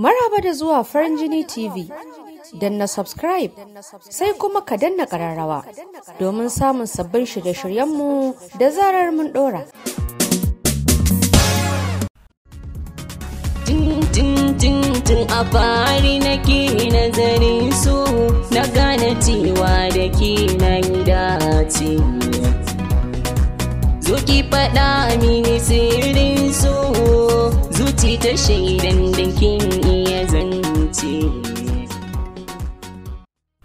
Maraba da zuwa farin jini TV. na subscribe sai kuma ka danna kararrawa domin samun sabbin shirye-shiryenmu da zarar mun dora. Tun a fari nake nazarin su na gane cewa da ke nan dace. Zuki faɗa mini sirrin su zuci ta shaidan da tv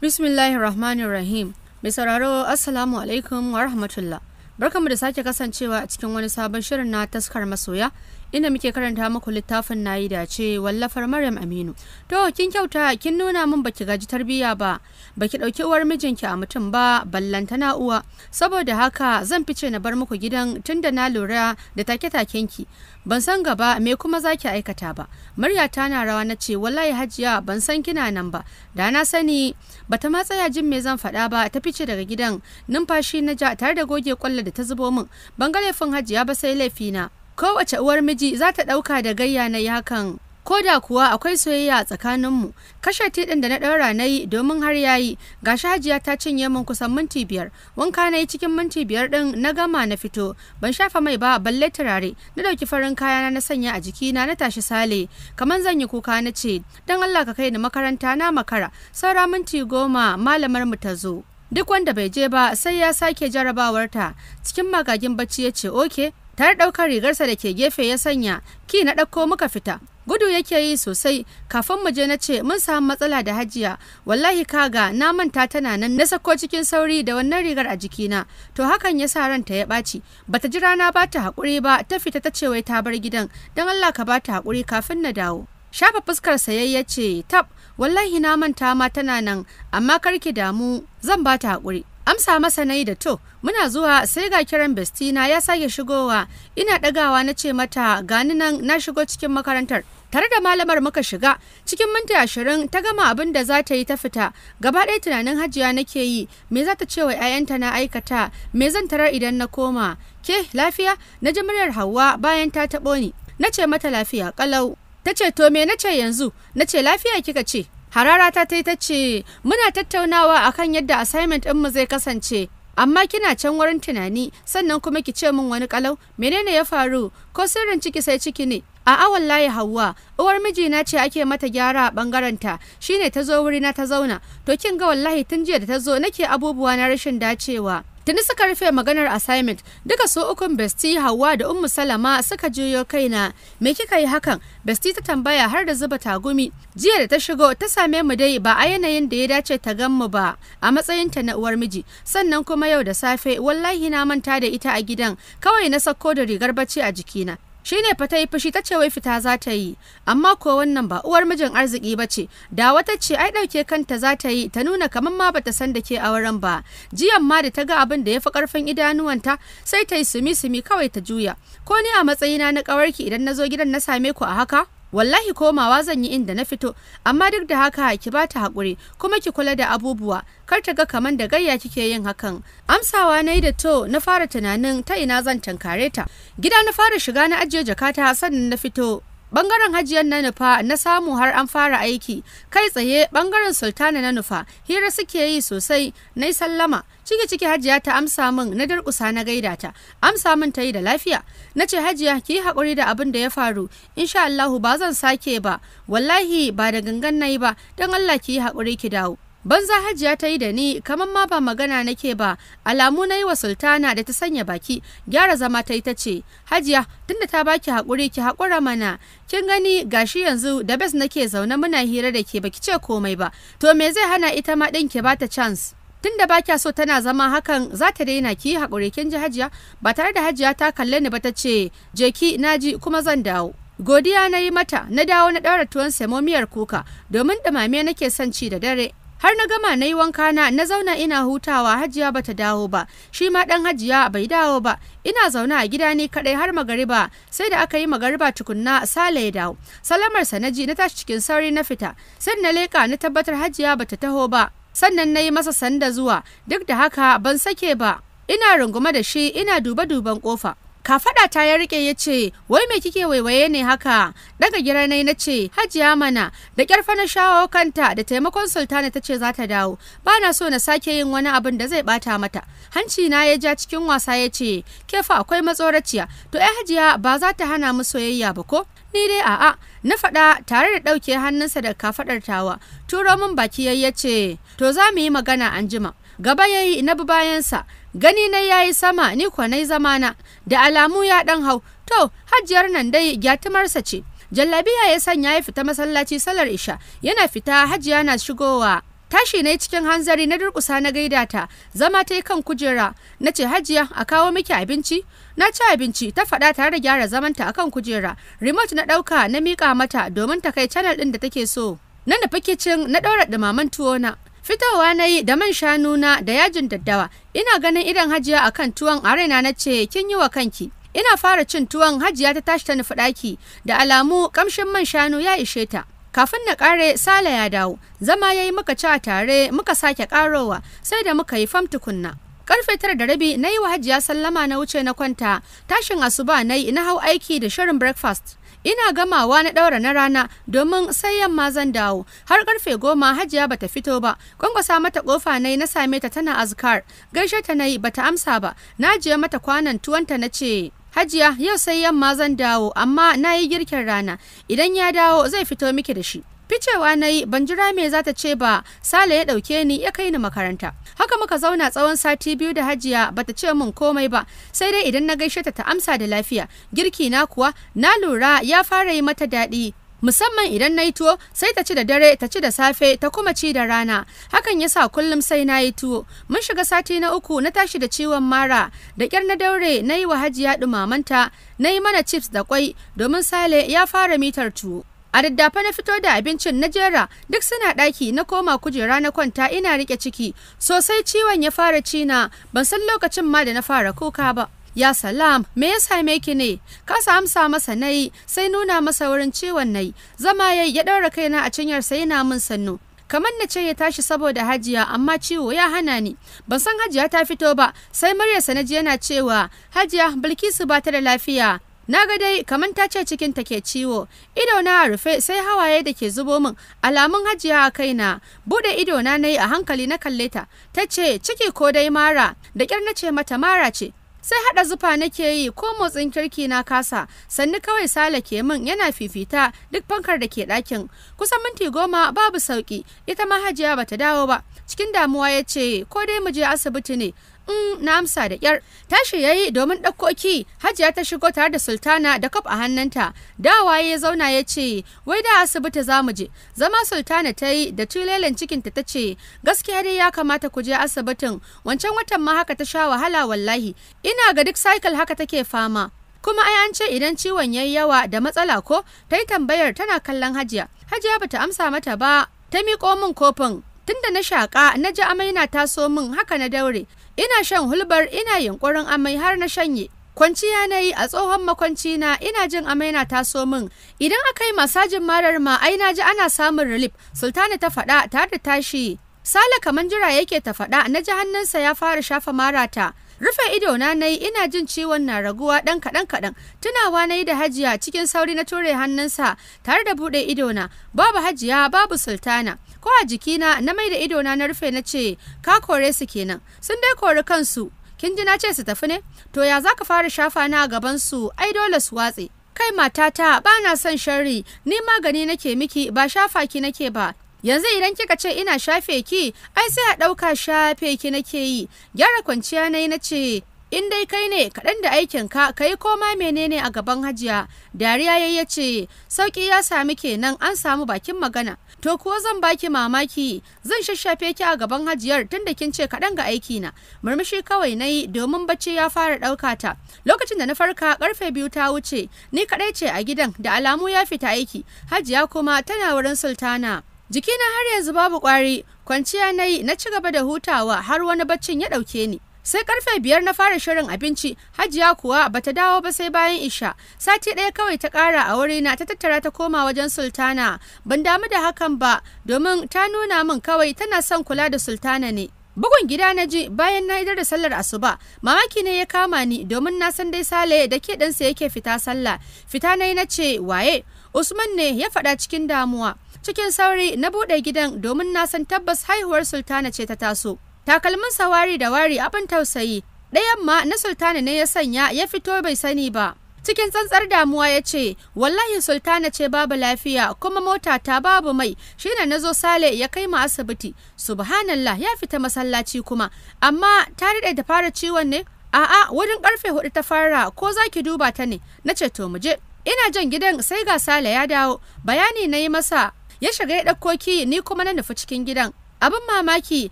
bismillahir rahmanir rahim mai sauraro assalamu alaikum wa rahmatullah barkamu da sake kasancewa a cikin wani sabon shirin na taskar masoya inda muke karanta muku littafin nayi da ce wallafar Maryam Aminu. To kin kyauta kin nuna min baki gaji tarbiyya ba, baki dauki uwar mijinki a mutum ba, ballanta na uwa. Saboda haka zan fice na bar muku gidan tunda na lura da take-taken ki. ban san gaba me kuma zaki aikata ba murya ta na rawa na ce wallahi hajiya ban san kina nan ba da na sani bata ma tsaya jin me zan faɗa ba ta fice daga gidan numfashi na ja tare da goge kwallo da ta zubo min ban ga laifin hajiya ba sai laifina kowace uwar miji za ta ɗauka da gayya na yi hakan ko da kuwa akwai soyayya a tsakaninmu kashe tiɗin da na ɗaura na yi domin har ya yi gashi hajiya ta cinye min kusan minti biyar wanka na yi cikin minti biyar ɗin na gama na fito ban shafa mai ba balle turare na ɗauki farin kayana na sanya a jikina na tashi sale kamar zan yi kuka na ce don allah ka kai ni makaranta na makara saura minti goma malamar mu ta zo duk wanda bai je ba sai ya sake jarabawarta cikin magagin bacci ya ce oke tare ɗaukar rigarsa da ke gefe ya sanya ki na ɗauko muka fita gudu yake yi sosai kafin mu je na ce mun samu matsala da hajiya wallahi kaga na manta tana nan na sako cikin sauri da wannan rigar a jikina to hakan ya sa ranta ya ɓaci bata ji rana ba ta haƙuri ba ta fita ta ce wai ta bar gidan don Allah ka ba ta haƙuri kafin na dawo shafa fuskar sayayya ce tab wallahi na manta ma tana nan amma karki damu zan ba ta haƙuri amsa masa nayi da to muna zuwa sai ga kiran bestina ya sake shigowa ina dagawa na ce mata gani nan na shigo cikin makarantar tare da malamar muka shiga cikin minti ashirin ta gama abin da za ta yi ta fita gaba ɗaya tunanin hajiya nake yi me za ta ce wa 'ya'yanta na aikata me zan tarar idan na koma ke lafiya na ji muryar hawa bayan ta taɓo ni na ce mata lafiya kalau ta ce to me na ce yanzu na ce lafiya kika ce Harara ta ta ce, "Muna tattaunawa akan yadda assignment ɗinmu zai kasance, amma kina can wurin tunani sannan kuma ki ce min wani kalau menene ya faru ko sirrin ciki sai ciki ne a wallahi layi hawa uwar mijina ce ake mata gyara a bangaren shi shine ta zo wurina ta zauna to kin ga wallahi tun jiya da ta zo nake abubuwa na rashin dacewa Tuni suka rufe maganar assignment duka so ukun Besti hawa da Ummu Salama suka juyo kaina. Me kika yi hakan? Besti ta tambaya har da zuba tagumi. Jiya da ta shigo ta same mu dai ba a yanayin da ya dace ta gan mu ba a matsayinta na uwar miji. Sannan kuma yau da safe wallahi na manta da ita a gidan kawai na sako da rigar bacci a jikina. shi ne fa ta yi fushi ta ce wai fita za ta yi amma ko wannan ba uwar mijin arziki ba ce da wata ce ai ɗauke kanta za ta yi ta nuna kamar ma bata san da ke auren ba jiyan ma da ta ga abin da ya fi ƙarfin idanuwanta sai ta yi sumi sumi kawai ta juya ko ni a matsayina na ƙawarki idan na zo gidan na same ku a haka wallahi komawa zan yi inda na fito amma duk da haka ki ba ta haƙuri kuma ki kula da abubuwa kar ta ga kaman da gayya kike yin hakan amsawa na yi da to na fara tunanin ta ina zan tankare ta gida na fara shiga na ajiye jakata sannan na fito bangaren hajiyar na nufa na samu har an fara aiki kai tsaye bangaren sultana na nufa hira suke yi sosai na sallama ciki ciki hajiya ta amsa min na durkusa na gaida ta amsa min ta yi da lafiya na ce hajiya ki yi haƙuri da abin da ya faru InshaAllahu Allahu ba zan sake ba wallahi ba da gangan na yi ba don Allah ki yi haƙuri ki dawo banza hajiya ta yi da ni kamar ma ba magana nake ba alamu na yi wa sultana da ta sanya baki gyara zama ta yi ta ce hajiya tunda ta baki haƙuri ki haƙura mana kin gani gashi yanzu da bes nake zaune muna hira da ke baki ce komai ba to me zai hana ita ma ɗin ki bata chance tunda da kya so tana zama hakan za ta daina ki haƙuri kin ji hajiya ba tare da hajiya ta kalle ni ba ta ce je ki naji kuma zan dawo godiya na yi mata na dawo na ɗaura tuwon semomiyar kuka domin ɗumame nake son ci da dare har na gama na yi wanka na na zauna ina hutawa hajiya bata dawo ba shi ma dan hajiya bai dawo ba ina zaune a gida ne kadai har magariba sai da aka yi magariba tukunna sale ya dawo salamar sa na ji na tashi cikin sauri na fita sai na leka na tabbatar hajiya bata taho ba sannan na yi masa sanda zuwa duk da haka ban sake ba ina rungume da shi ina duba duban kofa Kafaɗa ta ya rike ya ce, wai me kike waiwaye ne haka? Daga giranai na ce, hajiya mana, da ƙyarfa na shawo kanta da taimakon sultana ta ce za ta dawo. Ba na so na sake yin wani abin da zai bata mata. Hanci na ya ja cikin wasa ya ce, ke fa akwai matsoraciya, to ai eh, hajiya ba za ta hana mu soyayya ba ko? Ni dai a'a, na faɗa tare da ɗauke hannunsa da kafaɗar tawa. Turo min baki ya ce, to za mu yi magana anjima. Gaba ya yi na bi bayansa, gani na yayi sama ni kwanai zamana da alamu ya dan hau to hajiyar nan dai gyatumarsa ce jallabiya ya sanya ya fita masallaci salar isha yana fita hajiya na shigowa tashi na cikin hanzari na durkusa na gaida ta zama ta yi kan kujera na ce hajiya a kawo miki abinci na ci abinci ta faɗa tare da gyara zamanta a kan kujera remote na ɗauka na miƙa mata domin ta kai channel ɗin da take so na nufi kicin na ɗaura ɗumaman tuwo na fitowa na yi da man shanu na da yajin daddawa ina ganin idan hajiya akan tuwon a raina na ce kin yi wa kanki ina fara cin tuwon hajiya ta tashi ta nufi ɗaki da alamu kamshin man shanu ya ishe ta kafin na ƙare sala ya dawo zama ya yi muka ci a tare muka sake ƙarowa sai da muka yi fam tukunna karfe tara da rabi na yi wa hajiya sallama na wuce na kwanta tashin asuba na yi na hau aiki da shirin breakfast ina gamawa na ɗaura na rana domin sai yamma zan dawo har karfe goma hajiya bata fito ba kwankwasa mata kofa na yi na same ta tana azkar gaishe ta na yi bata amsa ba na je mata kwanan ta na ce hajiya yau sai yamma zan dawo amma na yi girkin rana idan ya dawo zai fito miki da shi Ficewa na yi ban jira me za ta ce ba, Sale ya ɗauke ni ya kai ni makaranta. Haka muka zauna tsawon sati biyu da hajiya bata ce min komai ba, sai dai idan na gaishe ta ta amsa da lafiya. Girki na kuwa na lura ya fara yi mata daɗi. Musamman idan na yi tuwo sai ta ci da dare ta ci da safe ta kuma ci da rana. Hakan ya sa kullum sai na yi tuwo. Mun shiga sati na uku na tashi da ciwon mara da kyar na daure na yi wa hajiya ɗumamanta na yi mana chips da kwai domin Sale ya fara mitar tuwo. a daddafa na fito da abincin na jera duk suna ɗaki na koma kujera na kwanta ina rike ciki sosai ciwon ya fara cina ban san lokacin ma da na fara kuka ba ya salam me ya same ki ne kasa amsa masa nayi sai nuna masa wurin ciwon nayi zama yayi ya ɗaura kaina a cinyar sai yana min sannu kamar na ce ya tashi saboda hajiya amma ciwo ya hana ni ban san hajiya ta fito ba sai muryarsa na ji yana cewa hajiya bilkisu ba ta da lafiya na ga dai kamar ta ce cikin ta ke ciwo ido na rufe sai hawaye da ke zubo min alamun hajiya a kaina bude ido na nayi a hankali na kalle ta ta ce ciki ko dai mara da kyar na ce mata mara ce sai haɗa zufa nake yi ko motsin kirki na kasa sannu kawai sale ke min yana fifita duk fankar da ke ɗakin kusan minti goma babu sauki ita ma hajiya bata dawo ba cikin damuwa ya ce ko dai mu je asibiti ne in mm, na amsa da kyar tashi yayi domin ɗaukoki hajiya ta shigo tare da sultana da kwaf a hannunta dawa ya zauna ya ce wai da asibiti za mu je zama sultana ta yi da tulelen cikinta ta ce gaskiya dai ya kamata ku je asibitin wancan watan ma haka ta sha wahala wallahi ina ga duk cycle haka take fama kuma ai an ce idan ciwon yayi yawa da matsala ko ta yi tambayar tana kallon hajiya hajiya bata amsa mata ba ta miƙo min kofin tunda na shaƙa na ji amai na taso min haka na daure ina shan hulbar ina yunkurin amai har na shanye kwanciya na yi a tsohon makwanci na ina jin amai na taso min idan aka yi masajin marar ma ai na ji ana samun relief sultana ta faɗa tare da tashi sale kaman jira yake ta faɗa na ji hannunsa ya fara shafa marata rufe ido na yi ina jin ciwon na raguwa dan kaɗan kaɗan tunawa na yi da hajiya cikin sauri na ture hannunsa tare da buɗe ido na babu hajiya babu sultana ko a jikina na mai da idona na rufe na ce ka kore su kenan sun dai kori kansu kin ji na ce su tafi ne to ya za ka fara shafa na a gaban su ai dole su watse kai matata ba na son sharri ni magani nake miki ba shafa ki nake ba yanzu idan kika ce ina shafe ki ai sai a ɗauka shafe ki nake yi gyara kwanciya na yi na ce in dai kai ne kaɗan da aikinka ka yi koma menene a gaban hajiya dariya ya ya ce sauƙi ya sami kenan an samu bakin magana to kuwa zan baki mamaki zan shashafe ki a gaban hajiyar tun da kin ce kaɗan ga aikina murmushi kawai na yi domin bacci ya fara ɗauka ta lokacin da na farka ƙarfe biyu ta wuce ni kaɗai ce a gidan da alamu ya fita aiki hajiya kuma tana wurin sultana jikina har yanzu babu ƙwari kwanciya na yi na ci gaba da hutawa har wani baccin ya ɗauke ni sai karfe biyar na fara shirin abinci hajiya kuwa ba ta dawo ba sai bayan isha sati ɗaya kawai ta ƙara a wuri na ta tattara ta koma wajen sultana ban damu da hakan ba domin ta nuna min kawai tana son kula da sultana ne bugun gida na ji bayan na idar da sallar asuba mamaki ne ya kama ni domin na san dai sale da ke ɗansa yake fita sallah fita na yi na ce waye usman ne ya faɗa cikin damuwa cikin sauri na buɗe gidan domin na san tabbas haihuwar sultana ce ta taso takalmin sawari da wari abin tausayi ɗayan ma na sultana ne ya sanya ya fito bai sani ba cikin tsantsar damuwa ya ce wallahi sultana ce babu lafiya kuma mota ta babu mai shine na zo sale ya kai mu asibiti subhanallah ya fita masallaci kuma amma ta daɗe da fara ciwon ne a'a wurin karfe hudu ta fara ko za ki duba ta ne na ce to mu je ina jan gidan sai ga sale ya dawo bayani na yi masa ya shiga ya ɗauko ni kuma na nufi cikin gidan abin mamaki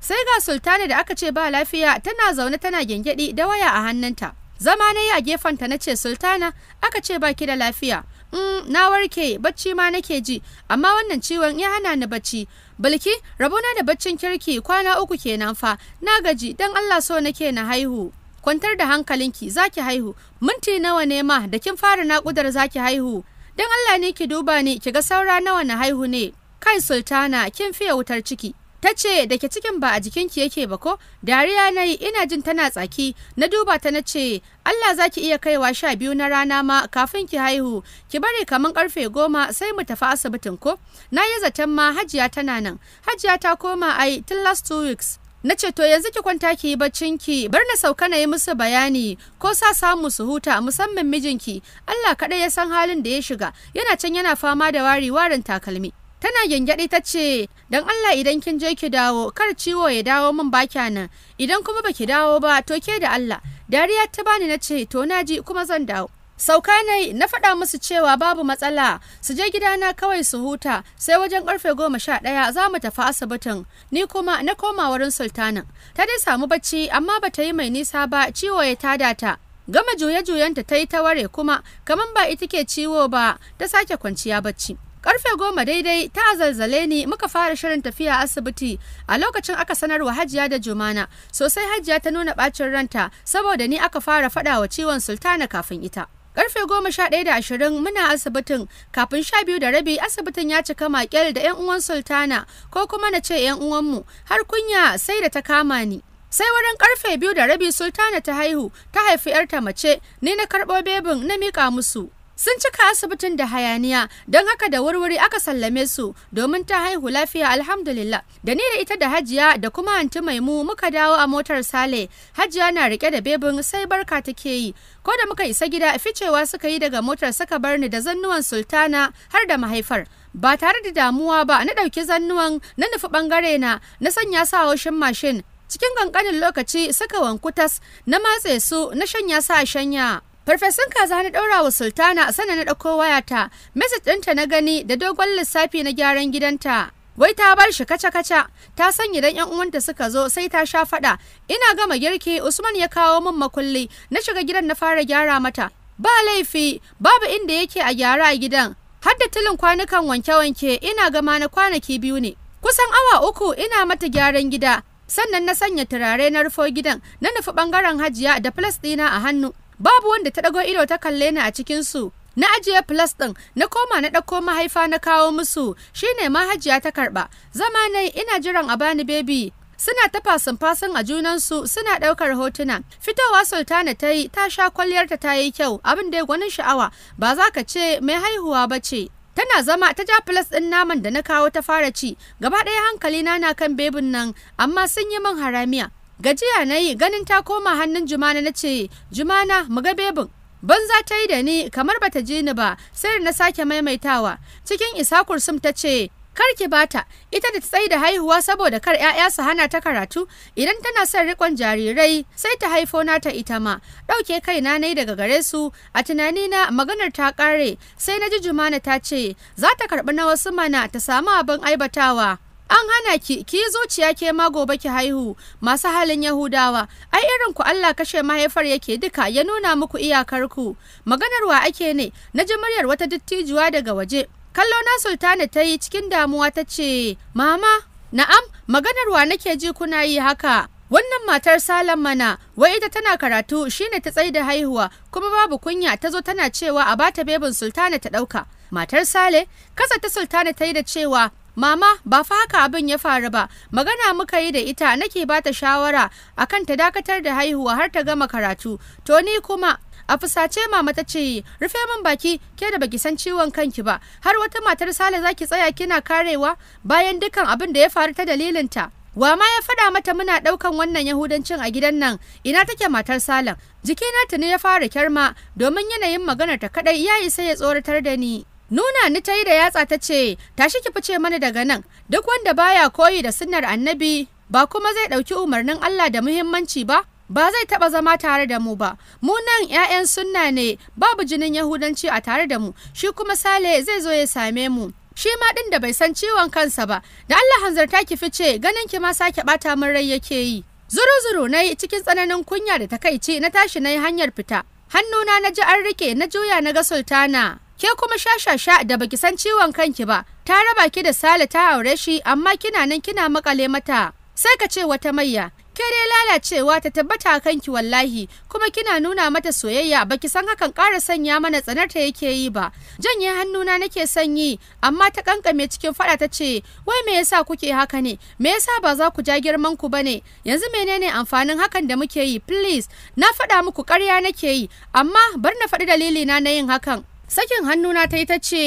sai ga sultana da aka ce ba lafiya tana zaune tana gyangyaɗi da waya a hannunta zama na yi a gefenta na ce sultana aka ce ba ki da lafiya mm, na warke bacci ma nake ji amma wannan ciwon ya hana ni bacci bilki rabona da baccin kirki kwana uku kenan fa na gaji dan allah so nake na haihu kwantar da hankalinki zaki haihu minti nawa ne ma da kin fara naƙudar zaki haihu dan allah ne ki duba ni ki ga saura nawa na haihu ne kai sultana kin fiye wutar ciki ta ce da ke cikin ba a jikinki yake ba ko dariya na yi ina jin tana tsaki na duba ta na ce Allah za ki iya kaiwa sha biyu na rana ma kafin ki haihu ki bari kamar karfe goma sai mu tafi asibitin ko na yi zaton ma hajiya tana nan hajiya ta koma ai tun last two weeks na ce to yanzu ki kwanta ki yi baccin ki bar na sauka na yi musu bayani ko sa samu su huta musamman mijinki Allah kaɗai ya san halin da ya shiga yana can yana fama da wari warin takalmi tana gyangyaɗi ta ce don Allah idan kin je ki dawo kar ciwo ya dawo min ba nan idan kuma baki dawo ba to ke da Allah dariya ta bani na ce to na ji kuma zan dawo sauka ne na faɗa musu cewa babu matsala su je gidana kawai su huta sai wajen karfe goma sha ɗaya za mu tafi asibitin ni kuma na koma wurin sultanin ta dai samu bacci amma ba ta yi mai nisa ba ciwo ya tada ta gama juye-juyenta ta yi ta ware kuma kamar ba ita ke ciwo ba ta sake kwanciya bacci Karfe goma daidai ta zalzale ni muka fara shirin tafiya asibiti a lokacin aka sanarwa hajiya da jumana sosai hajiya ta nuna bacin ranta saboda ni aka fara faɗawa wa ciwon sultana kafin ita. Karfe goma sha ɗaya da ashirin muna asibitin kafin sha biyu da rabi asibitin ya cika makel da 'yan uwan sultana ko kuma na ce 'yan uwanmu har kunya sai da ta kama ni. sai wurin karfe biyu da rabi sultana ta haihu ta haifi yarta mace ni na karɓo bebin na miƙa musu sun cika asibitin da hayaniya don haka da wurwuri aka sallame su domin ta haihu lafiya alhamdulillah da ni da ita da hajiya da kuma anti maimu muka dawo a motar sale hajiya na rike da bebin sai barka take yi ko da muka isa gida ficewa suka yi daga motar suka bar ni da zannuwan sultana har da mahaifar ba tare da damuwa ba na ɗauki zannuwan na nufi ɓangare na na sanya sa haushin mashin cikin kankanin lokaci suka wanku tas na matse su na shanya sa a shanya Farfesun kaza na ɗaura wa Sultana sana na ɗauko wayata, message ɗinta na gani da dogon lissafi na gyaran gidanta. Wai ta bar shi kaca-kaca, ta sanya idan 'yan uwanta suka zo sai ta sha faɗa. Ina gama girki, Usman ya kawo min makulli, na shiga gidan na fara gyara mata. Ba laifi, babu inda yake a gyara a gidan. Har da tilin kwanukan wanke-wanke ina gama na kwanaki biyu ne. Kusan awa uku ina mata gyaran gida, sannan na sanya turare na rufo gidan, na nufi ɓangaren hajiya da filas ɗina a hannu. babu wanda ta ɗago ido ta kalle ni a cikinsu na ajiye plus ɗin na koma na ɗauko mahaifa na kawo musu shine mahajiya ta karɓa zama nai ina jiran a bani bebi suna ta fasin-fasin a junansu suna ɗaukar hotuna fitowa sultana ta yi ta sha kwalliyarta ta yi kyau abin da ya gwanin sha'awa ba za ka ce mai haihuwa ba ce tana zama ta ja filas ɗin naman da na kawo ta fara ci gaba ɗaya hankali na na kan bebin nan amma sun yi min haramiya gajiya na yi ganin ta koma hannun jumana na ce jumana mu ga bebin za ta yi da ni kamar bata ji ni ba sai na sake maimaitawa cikin isa kursum ta ce kar ki bata ita da ta tsaye da haihuwa saboda kar 'ya'ya su hana ta karatu idan tana son rikon jarirai sai ta haifo nata ita ma ɗauke na nai daga gare su a tunani na maganar ta ƙare sai na ji jumana ta ce za ta karɓi na wasu mana ta samu abin aibatawa an hana ki ki zuciya ke ma gobe ki haihu masu halin yahudawa ai irin ku Allah kashe mahaifar yake duka ya nuna muku iyakar ku maganar wa ake ne na ji muryar wata dattijuwa daga waje kallo na sultana ta yi cikin damuwa ta ce mama na'am maganar wa nake ji kuna yi haka wannan matar salam mana wai ita tana karatu shine ta da haihuwa kuma babu kunya ta zo tana cewa a bata bebin sultana ta ɗauka matar sale kasa ta sultana ta yi da cewa Mama, ba fa haka abin ya faru ba, magana muka yi da ita nake ba ta shawara kan ta dakatar da haihuwa har ta gama karatu, to ni kuma a fusace mama ta ce rufe min baki ke da baki san ciwon kanki ba har wata matar sale za ki tsaya kina karewa bayan dukan abin da ya faru ta dalilinta wa ma ya faɗa mata muna ɗaukan wannan yahudancin a gidan nan ina take matar salan jikina tuni ya fara kyarma domin yanayin maganar ta kaɗai ya isa ya tsoratar da ni nuna ni ta yi da yatsa ta ce tashi ki fice mana daga nan duk wanda baya koyi da sunnar annabi ba kuma zai ɗauki umarnin Allah da muhimmanci ba ba zai taɓa zama tare da mu ba mu nan 'ya'yan sunna ne babu jinin yahudanci a tare da mu shi kuma sale zai zo ya same mu shi ma ɗin da bai san ciwon kansa ba da Allah hanzarta ki fice ganin ki ma sake ɓata min rai yake yi zuru-zuru na yi cikin tsananin kunya da takaici na tashi na yi hanyar fita hannuna na ji an rike na juya na ga sultana ke kuma shashasha da baki san ciwon kanki ba ta raba ki da sale ta aure shi amma kina nan kina makale mata sai ka ce wata mayya ke dai lalacewa ta tabbata kanki wallahi kuma kina nuna mata soyayya baki san hakan ƙara sanya mana tsanarta yake yi ba janye hannuna nake sanyi amma ta kankame cikin fada ta ce wai me yasa kuke haka ne me yasa ba za ku ja girman ku bane yanzu menene amfanin hakan da muke yi please na faɗa muku ƙarya nake yi amma bar na faɗi dalili na na yin hakan sakin hannuna ta yi ta ce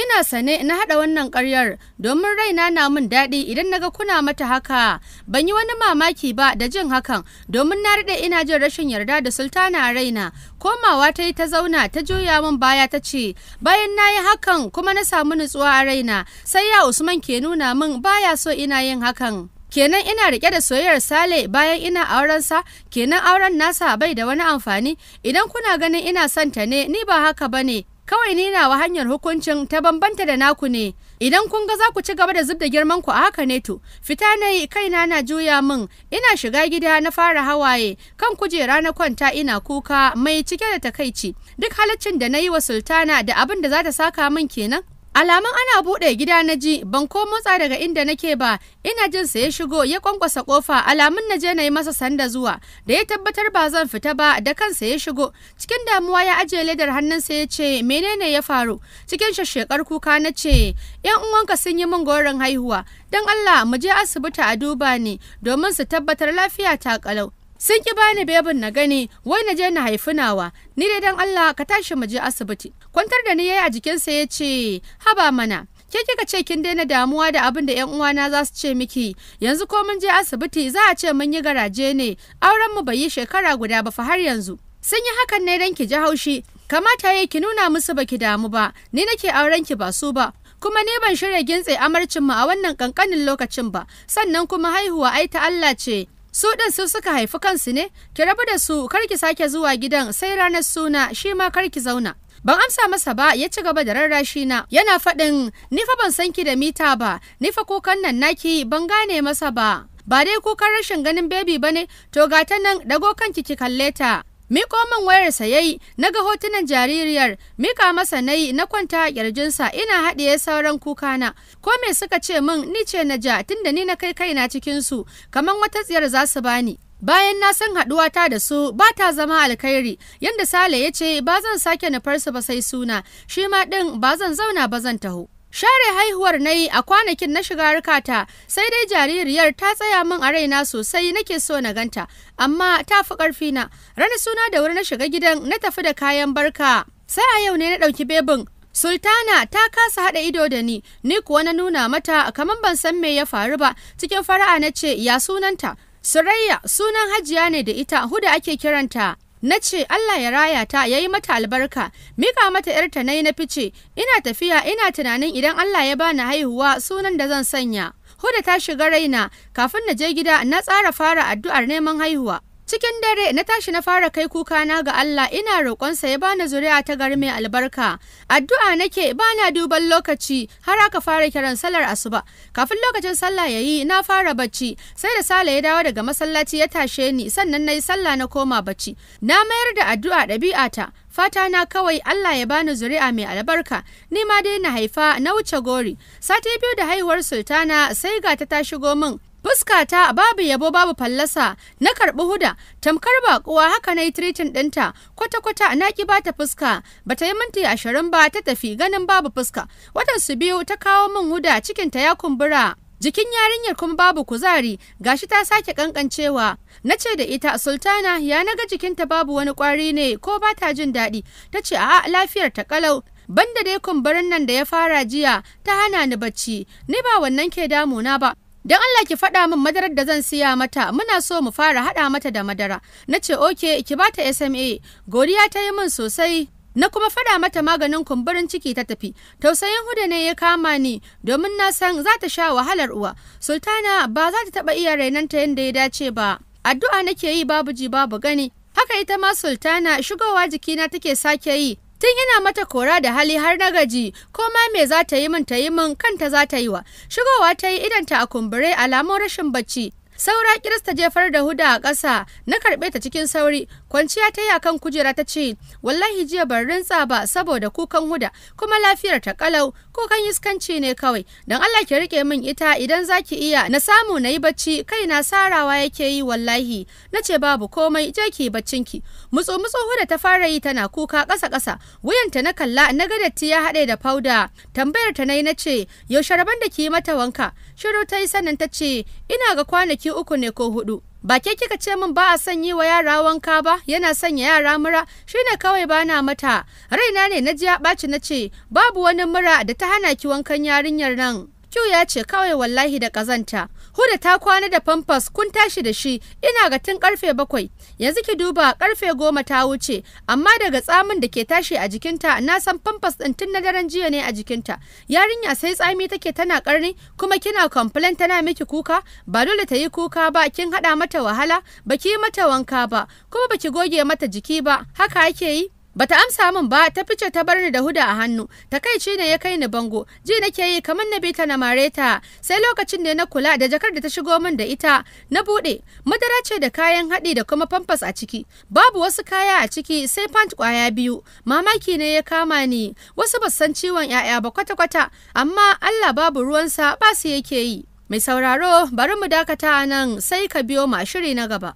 ina sane na haɗa wannan ƙaryar domin raina na mun daɗi idan naga kuna mata haka ban yi wani mamaki ba da jin hakan domin na riɗe ina jin rashin yarda da sultana a raina komawa ta yi ta zauna ta juya min baya ta ce bayan na yi hakan kuma na samu nutsuwa a raina sai ya usman ke nuna min baya so ina yin hakan kenan ina rike da soyayyar sale bayan ina aurensa kenan auren nasa bai da wani amfani idan kuna ganin ina son ne ni ba haka bane kawai ni wa hanyar hukuncin ta bambanta da naku ne idan kun ga za ku ci gaba da zub da girman ku a haka ne to fita na yi kaina na juya min ina shiga gida na fara hawaye kan kujera na kwanta ina kuka mai cike da takaici duk halaccin da na yi wa sultana da abin da za ta saka min kenan Alamun ana buɗe gida na ji ban ko motsa daga inda nake ba ina jin sa ya shigo ya kwankwasa kofa alamun na je na yi masa sanda zuwa da ya tabbatar ba zan fita ba da kansa ya shigo cikin damuwa ya ajiye ledar hannunsa ya ce menene ya faru cikin shashekar kuka na ce yan uwanka sun yi min gorin haihuwa don Allah mu je asibiti a duba ni domin su tabbatar lafiya ta kalau sun ki bani bebin na gani wai na je na haifi nawa ni dai dan Allah ka tashi mu je asibiti kwantar da ni yayi a jikin sa yace haba mana ke kika ce kin daina damuwa da abin da yan uwana za su ce miki yanzu ko mun je asibiti za a ce mun yi garaje ne auren mu bai yi shekara guda ba fa har yanzu sun yi hakan ne dan ki ji haushi kamata yayi ki nuna musu baki damu ba ni nake auren ki ba su ba kuma ni ban shirya gintse amarcin mu a wannan kankanin lokacin ba sannan kuma haihuwa ai ta Allah ce su ɗin su suka haifi kansu ne ki rabu da su kar ki sake zuwa gidan sai ranar suna shi ma kar ki zauna ban amsa masa ba ya ci gaba da rarrashi na yana faɗin "Nifa ban san ki da mita ba nifa kukan nan naki ban gane masa ba ba dai kukan rashin ganin bebi ne? to gata nan dago kanki ki kalle ta Miko min wayar wayarsa yayi, na ga hotunan jaririyar, mika masa nayi na kwanta a kirjinsa ina haɗiye sauran kuka na. Ko me suka ce min ni ce na ja tunda ni na kai kaina cikin su, kamar wata tsiyar za su bani. bayan na san haɗuwata da su ba ta zama alkhairi yadda sale ya ce ba zan sake nufarsu ba sai suna shi ma ɗin ba zan zauna ba zan taho share haihuwar na yi a kwanakin na shiga harkata sai dai jaririyar ta tsaya min a raina sosai nake so na ganta amma ta fi ƙarfi na rana suna da wuri na shiga gidan na tafi da kayan barka sai a yau ne na ɗauki bebin Sultana ta kasa haɗa ido da ni, ni kuwa na nuna mata kamar ban san me ya faru ba, cikin fara'a na ce ya sunanta, Surayya sunan hajiya ne da ita huda ake kiranta. na ce Allah ya raya ta ya yi mata albarka mika mata yarta na yi na fice ina tafiya ina tunanin idan Allah ya bani haihuwa sunan da zan sanya Huda ta shiga raina kafin na je gida na tsara fara addu'ar neman haihuwa Cikin dare na tashi na fara kai kukana ga Allah ina roƙonsa ya bani zuri'a ta gari mai albarka. Addu'a nake bana duban lokaci har aka fara kiran sallar asuba. Kafin lokacin sallah ya yi, na fara bacci sai da Sale ya dawo daga masallaci ya tashe ni sannan na yi sallah na koma bacci. Na mayar da addu'a ɗabi'ata fata na kawai Allah ya bani zuri'a mai albarka ni ma dai na haifa na wuce gori. Sati biyu da haihuwar sultana sai ga ta ta shigo min fuskata babu yabo babu fallasa na karɓi huda tamkar baƙuwa haka na yi tiritin ɗinta kwata-kwata na ki bata fuska Ba ta yi minti ashirin ba ta tafi ganin babu fuska watan su biyu ta kawo min huda cikin ta ya kumbura jikin yarinyar kuma babu kuzari gashi ta sake kankancewa na ce da ita sultana ya naga jikinta babu wani kwari ne ko ba ta jin daɗi ta ce a lafiyar ta kalau banda dai kumburin nan da ya fara jiya ta hana ni bacci ni ba wannan ke damuna ba don Allah ki faɗa min madarar da zan siya mata muna so mu fara haɗa mata da madara na ce oke ki bata SMA godiya ta yi min sosai na kuma faɗa mata maganin kumburin ciki ta tafi tausayin huda ne ya kama ni domin na san za ta sha wahalar uwa sultana ba za ta taɓa iya rainanta yadda ya dace ba addu'a nake yi babu ji babu gani haka ita ma sultana shigowa jikina take sake yi tun yana mata kora da hali har na gaji ko ma me za ta yi min ta yi min kanta za ta yi wa shigowa ta yi idanta a kumbure alamun rashin bacci saura kirista jefar da huda a ƙasa na karɓe ta cikin sauri kwanciya ta ya kan kujera ta ce wallahi jiya ban rintsa ba saboda kukan huda kuma lafiyar ta kalau kukan iskanci ne kawai don Allah ki rike min ita idan zaki iya na samu na yi bacci kai na sarawa yake yi wallahi na ce babu komai je ki baccin ki mutsu mutsu huda ta fara yi tana kuka ƙasa ƙasa wuyanta na kalla na ga datti ya haɗe da fauda tambayar ta yi na ce yaushe rabon da ki mata wanka shiru ta yi sannan ta ce ina ga kwanaki uku ne ko hudu ba ke kika ce min ba a son yi wa yara wanka ba yana sanya yara mura shine kawai ba na mata raina ne na ji ya ɓaci na ce babu wani mura da ta hana ki wankan yarinyar nan Kyau ya ce kawai wallahi da kazanta Huda ta kwana da famfas kun tashi da shi ina ga tun karfe bakwai. Yanzu ki duba karfe goma ta wuce amma daga tsamin da ke tashi a jikinta na san famfas ɗin tun na daren jiya ne a jikinta. Yarinya sai tsami take tana karni kuma kina complain tana miki kuka ba dole ta yi kuka ba kin haɗa mata wahala baki yi mata wanka ba kuma baki goge mata jiki ba haka ake yi. bata amsa min ba ta fice ta bar ni da huda a hannu takaici ne ya kai ni bango ji nake yi kamar na bita na mare ta sai lokacin ne na kula da jakar da ta shigo min da ita na bude madara ce da kayan haɗi da kuma famfas a ciki babu wasu kaya a ciki sai pant kwaya biyu mamaki ne ya kama ni wasu ba san ciwon yaya ba kwata kwata amma Allah babu ruwansa ba su yake yi mai sauraro bari mu dakata nan sai ka biyo ma shiri na gaba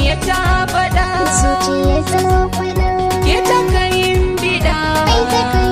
zuciya ta faɗa zuciya ta faɗa ke ta kayin bida ai ta